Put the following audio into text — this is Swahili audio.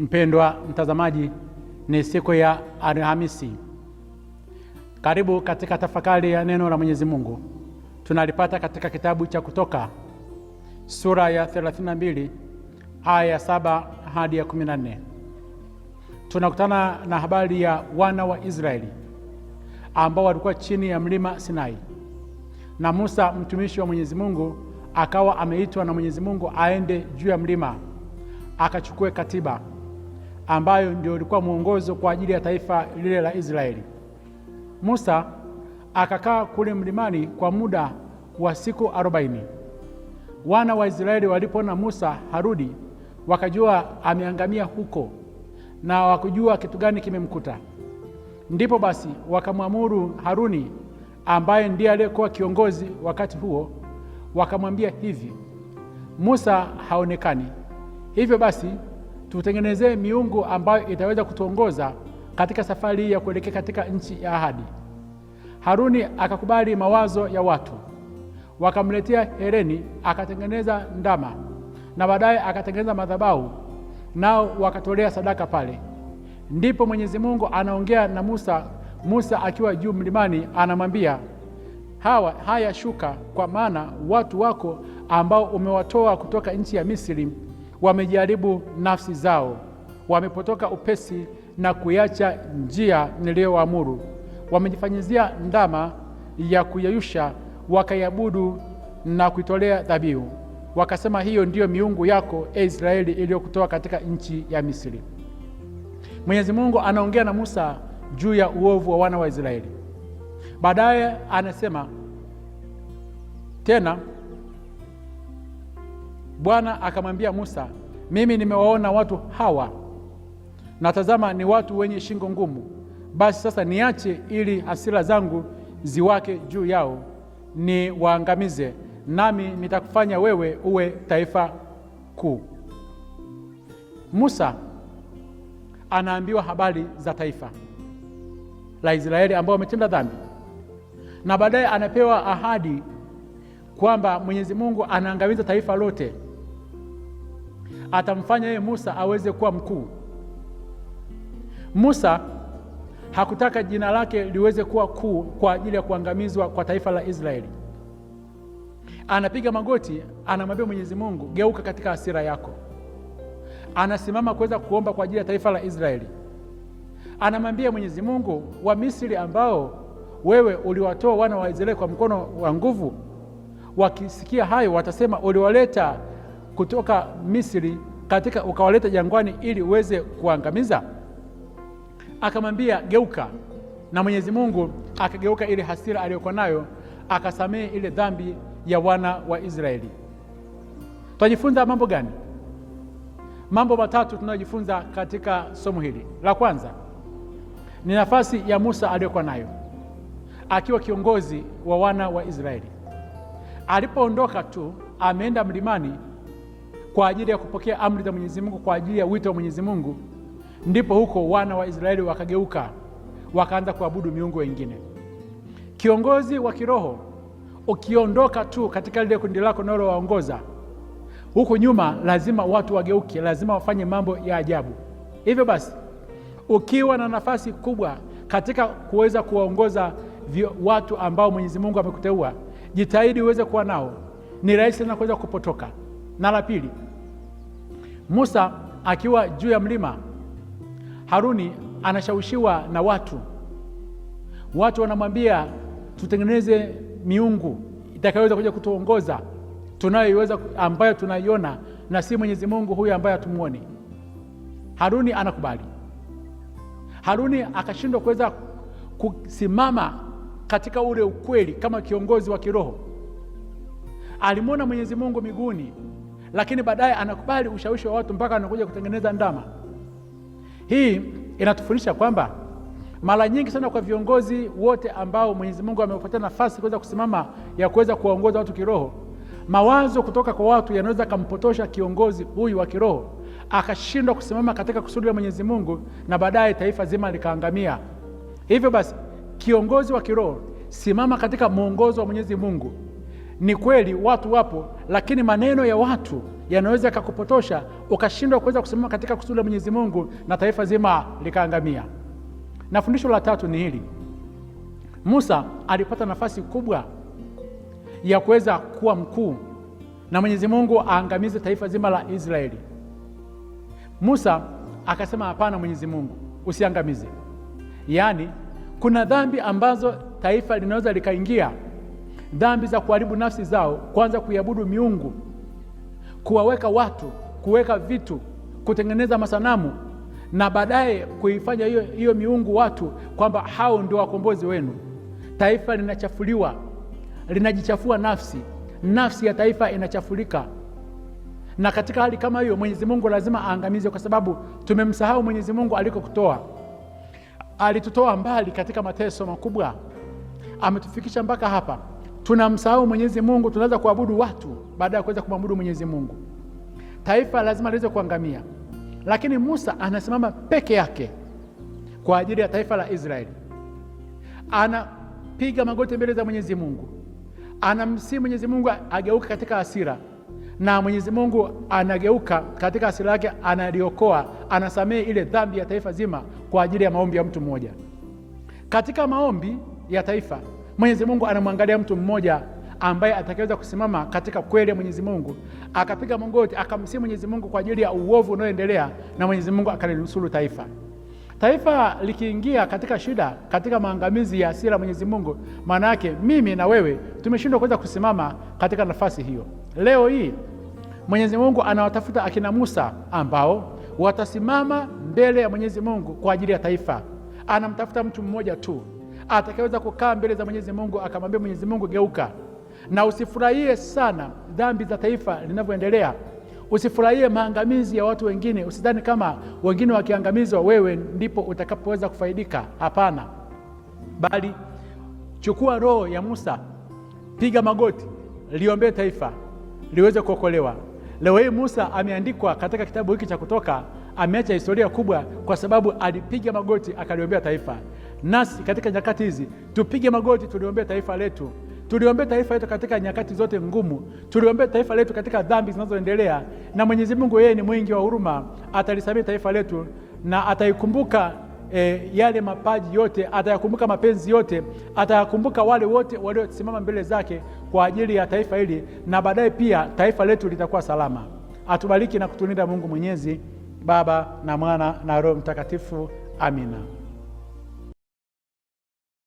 Mpendwa mtazamaji, ni siku ya Alhamisi. Karibu katika tafakari ya neno la Mwenyezi Mungu. Tunalipata katika kitabu cha Kutoka sura ya 32 aya ya 7 hadi ya 14. Tunakutana na habari ya wana wa Israeli ambao walikuwa chini ya mlima Sinai, na Musa mtumishi wa Mwenyezi Mungu akawa ameitwa na Mwenyezi Mungu aende juu ya mlima akachukue katiba ambayo ndio ilikuwa mwongozo kwa ajili ya taifa lile la Israeli. Musa akakaa kule mlimani kwa muda wa siku arobaini. Wana wa Israeli walipona Musa harudi, wakajua ameangamia huko na wakujua kitu gani kimemkuta. Ndipo basi wakamwamuru Haruni ambaye ndiye aliyekuwa kiongozi wakati huo, wakamwambia hivi, Musa haonekani. Hivyo basi tutengenezee miungu ambayo itaweza kutuongoza katika safari ya kuelekea katika nchi ya ahadi. Haruni akakubali mawazo ya watu, wakamletea hereni, akatengeneza ndama na baadaye akatengeneza madhabahu, nao wakatolea sadaka pale. Ndipo Mwenyezi Mungu anaongea na Musa, Musa akiwa juu mlimani, anamwambia hawa, haya, shuka, kwa maana watu wako ambao umewatoa kutoka nchi ya Misri wamejaribu nafsi zao, wamepotoka upesi na kuiacha njia niliyoamuru. Wamejifanyizia ndama ya kuyeyusha, wakaiabudu na kuitolea dhabihu, wakasema hiyo ndiyo miungu yako, e Israeli, iliyokutoa katika nchi ya Misri. Mwenyezi Mungu anaongea na Musa juu ya uovu wa wana wa Israeli. Baadaye anasema tena Bwana akamwambia Musa, mimi nimewaona watu hawa, na tazama, ni watu wenye shingo ngumu. Basi sasa niache, ili hasira zangu ziwake juu yao, niwaangamize, nami nitakufanya wewe uwe taifa kuu. Musa anaambiwa habari za taifa la Israeli ambao wametenda dhambi, na baadaye anapewa ahadi kwamba Mwenyezi Mungu anaangamiza taifa lote atamfanya yeye Musa aweze kuwa mkuu. Musa hakutaka jina lake liweze kuwa kuu kwa ajili ya kuangamizwa kwa taifa la Israeli. Anapiga magoti, anamwambia Mwenyezi Mungu, geuka katika hasira yako. Anasimama kuweza kuomba kwa ajili ya taifa la Israeli. Anamwambia Mwenyezi Mungu, wa Misri ambao wewe uliwatoa wana wa Israeli kwa mkono wa nguvu, wakisikia hayo watasema uliwaleta kutoka Misri katika ukawaleta jangwani ili uweze kuangamiza? Akamwambia, geuka. Na Mwenyezi Mungu akageuka ile hasira aliyokuwa nayo, akasamehe ile dhambi ya wana wa Israeli. twajifunza mambo gani? Mambo matatu tunayojifunza katika somo hili. La kwanza ni nafasi ya Musa aliyokuwa nayo akiwa kiongozi wa wana wa Israeli. Alipoondoka tu ameenda mlimani kwa ajili ya kupokea amri za Mwenyezi Mungu, kwa ajili ya wito wa Mwenyezi Mungu, ndipo huko wana wa Israeli wakageuka wakaanza kuabudu miungu wengine. Kiongozi wa kiroho ukiondoka tu katika lile kundi lako unalowaongoza huku nyuma, lazima watu wageuke, lazima wafanye mambo ya ajabu. Hivyo basi, ukiwa na nafasi kubwa katika kuweza kuwaongoza watu ambao Mwenyezi Mungu amekuteua, jitahidi uweze kuwa nao. Ni rahisi sana kuweza kupotoka. Na la pili, Musa akiwa juu ya mlima, Haruni anashawishiwa na watu. Watu wanamwambia tutengeneze miungu itakayoweza kuja kutuongoza tunayoiweza ambayo tunaiona na si Mwenyezi Mungu huyu ambaye hatumuoni. Haruni anakubali. Haruni akashindwa kuweza kusimama katika ule ukweli kama kiongozi wa kiroho. Alimwona Mwenyezi Mungu miguuni lakini baadaye anakubali ushawishi wa watu mpaka anakuja kutengeneza ndama. Hii inatufundisha kwamba mara nyingi sana kwa viongozi wote ambao Mwenyezi Mungu amewapatia nafasi kuweza kusimama ya kuweza kuwaongoza watu kiroho, mawazo kutoka kwa watu yanaweza akampotosha kiongozi huyu wa kiroho, akashindwa kusimama katika kusudi la Mwenyezi Mungu, na baadaye taifa zima likaangamia. Hivyo basi, kiongozi wa kiroho, simama katika mwongozo wa Mwenyezi Mungu. Ni kweli watu wapo, lakini maneno ya watu yanaweza yakakupotosha ukashindwa kuweza kusimama katika kusudi la Mwenyezi Mungu na taifa zima likaangamia. Na fundisho la tatu ni hili: Musa alipata nafasi kubwa ya kuweza kuwa mkuu na Mwenyezi Mungu aangamize taifa zima la Israeli. Musa akasema hapana, Mwenyezi Mungu usiangamize. Yaani kuna dhambi ambazo taifa linaweza likaingia dhambi za kuharibu nafsi zao, kwanza kuiabudu miungu, kuwaweka watu, kuweka vitu, kutengeneza masanamu na baadaye kuifanya hiyo hiyo miungu watu kwamba hao ndio wakombozi wenu. Taifa linachafuliwa, linajichafua nafsi, nafsi ya taifa inachafulika. Na katika hali kama hiyo, Mwenyezi Mungu lazima aangamize, kwa sababu tumemsahau Mwenyezi Mungu alikokutoa. Alitutoa mbali katika mateso makubwa, ametufikisha mpaka hapa tunamsahau Mwenyezi Mungu, tunaanza kuabudu watu baada ya kuweza kumwabudu Mwenyezi Mungu. Taifa lazima liweze kuangamia, lakini Musa anasimama peke yake kwa ajili ya taifa la Israeli. Anapiga magoti mbele za Mwenyezi Mungu, anamsii Mwenyezi Mungu ageuke katika hasira, na Mwenyezi Mungu anageuka katika hasira yake, analiokoa, anasamehe ile dhambi ya taifa zima kwa ajili ya maombi ya mtu mmoja. Katika maombi ya taifa Mwenyezi Mungu anamwangalia mtu mmoja ambaye atakayeweza kusimama katika kweli ya Mwenyezi Mungu, akapiga magoti, akamsii Mwenyezi Mungu kwa ajili ya uovu unaoendelea, na Mwenyezi Mungu akalinusuru taifa. Taifa likiingia katika shida, katika maangamizi ya asira Mwenyezi Mungu, maana yake mimi na wewe tumeshindwa kuweza kusimama katika nafasi hiyo. Leo hii Mwenyezi Mungu anawatafuta akina Musa ambao watasimama mbele ya Mwenyezi Mungu kwa ajili ya taifa. Anamtafuta mtu mmoja tu atakayeweza kukaa mbele za Mwenyezi Mungu akamwambia Mwenyezi Mungu, geuka na usifurahie sana dhambi za taifa linavyoendelea, usifurahie maangamizi ya watu wengine. Usidhani kama wengine wakiangamizwa wewe ndipo utakapoweza kufaidika. Hapana, bali chukua roho ya Musa, piga magoti, liombee taifa liweze kuokolewa. Leo hii Musa ameandikwa katika kitabu hiki cha Kutoka, ameacha historia kubwa kwa sababu alipiga magoti akaliombea taifa. Nasi katika nyakati hizi tupige magoti, tuliombee taifa letu, tuliombee taifa letu katika nyakati zote ngumu, tuliombee taifa letu katika dhambi zinazoendelea, na Mwenyezi Mungu yeye ni mwingi wa huruma, atalisamia taifa letu na ataikumbuka E, yale mapaji yote atayakumbuka, mapenzi yote atayakumbuka, wale wote waliosimama mbele zake kwa ajili ya taifa hili, na baadaye pia taifa letu litakuwa salama. Atubariki na kutulinda Mungu Mwenyezi, Baba na Mwana na Roho Mtakatifu. Amina.